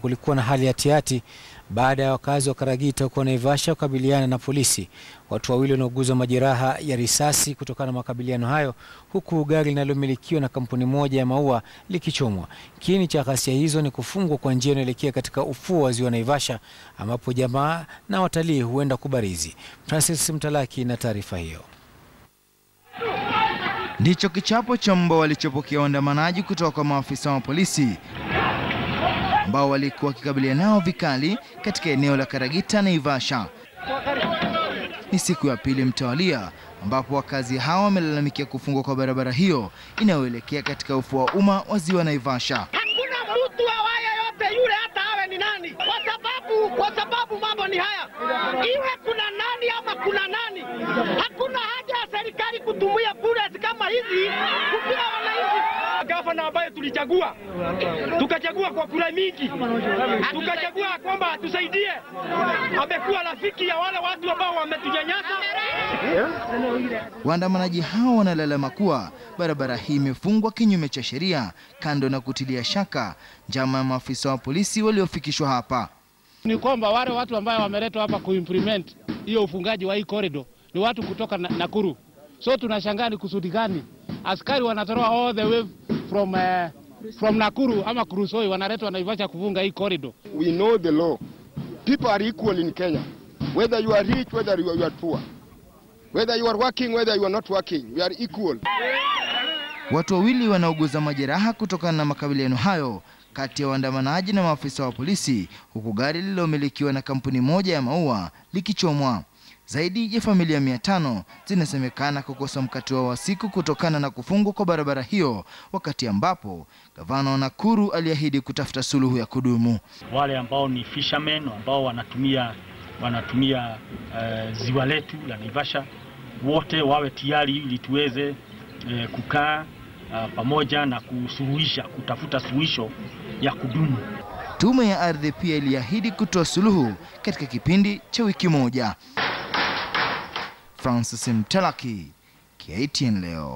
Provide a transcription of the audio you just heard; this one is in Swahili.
Kulikuwa na hali ya tiati baada ya wakazi wa Karagita huko Naivasha kukabiliana na polisi. Watu wawili wanaoguzwa majeraha ya risasi kutokana na makabiliano hayo, huku gari linalomilikiwa na kampuni moja ya maua likichomwa. Kiini cha ghasia hizo ni kufungwa kwa njia inayoelekea katika ufuo wa ziwa Naivasha, ambapo jamaa na watalii huenda kubarizi. Francis Mtalaki na taarifa hiyo. Ndicho kichapo cha mbwa walichopokea waandamanaji kutoka kwa maafisa wa polisi ambao walikuwa wakikabiliana nao vikali katika eneo la Karagita na Ivasha. Ni siku ya pili mtawalia ambapo wakazi hawa wamelalamikia kufungwa kwa barabara hiyo inayoelekea katika ufuo wa umma wa ziwa Naivasha. Hakuna mtu awaye yote yule, hata awe ni nani, kwa sababu kwa sababu mambo ni haya, iwe kuna nani ama kuna nani, hakuna haja ya serikali kutumia bure kama hizi gavana ambaye tulichagua, tukachagua kwa kura mingi, tukachagua kwamba atusaidie, amekuwa rafiki ya wale watu ambao wametunyanyasa. Waandamanaji hao wanalalama kuwa barabara hii imefungwa kinyume cha sheria, kando na kutilia shaka njama ya maafisa wa polisi waliofikishwa hapa. Ni kwamba wale watu ambao wameletwa hapa kuimplement hiyo ufungaji wa hii corridor ni watu kutoka Nakuru, so tunashangaa ni kusudi gani askari wanatoroa all the way from, uh, from Nakuru ama Kurusoi, wanaletwa Naivasha kuvunga hii corridor. We know the law. People are equal in Kenya. Whether you are rich, whether you are, you are poor. Whether you are working, whether you are not working, we are equal. Watu wawili wanauguza majeraha kutokana na makabiliano hayo kati ya waandamanaji na maafisa wa polisi, huku gari lililomilikiwa na kampuni moja ya maua likichomwa. Zaidi ya familia mia tano zinasemekana kukosa mkate wao wa siku kutokana na kufungwa kwa barabara hiyo, wakati ambapo gavana wa Nakuru aliahidi kutafuta suluhu ya kudumu. Wale ambao ni fishermen ambao wanatumia, wanatumia uh, ziwa letu la Naivasha wote wawe tayari ili tuweze uh, kukaa uh, pamoja na kusuluhisha, kutafuta suluhisho ya kudumu. Tume ya ardhi pia iliahidi kutoa suluhu katika kipindi cha wiki moja. Francis Mtelaki, KTN leo.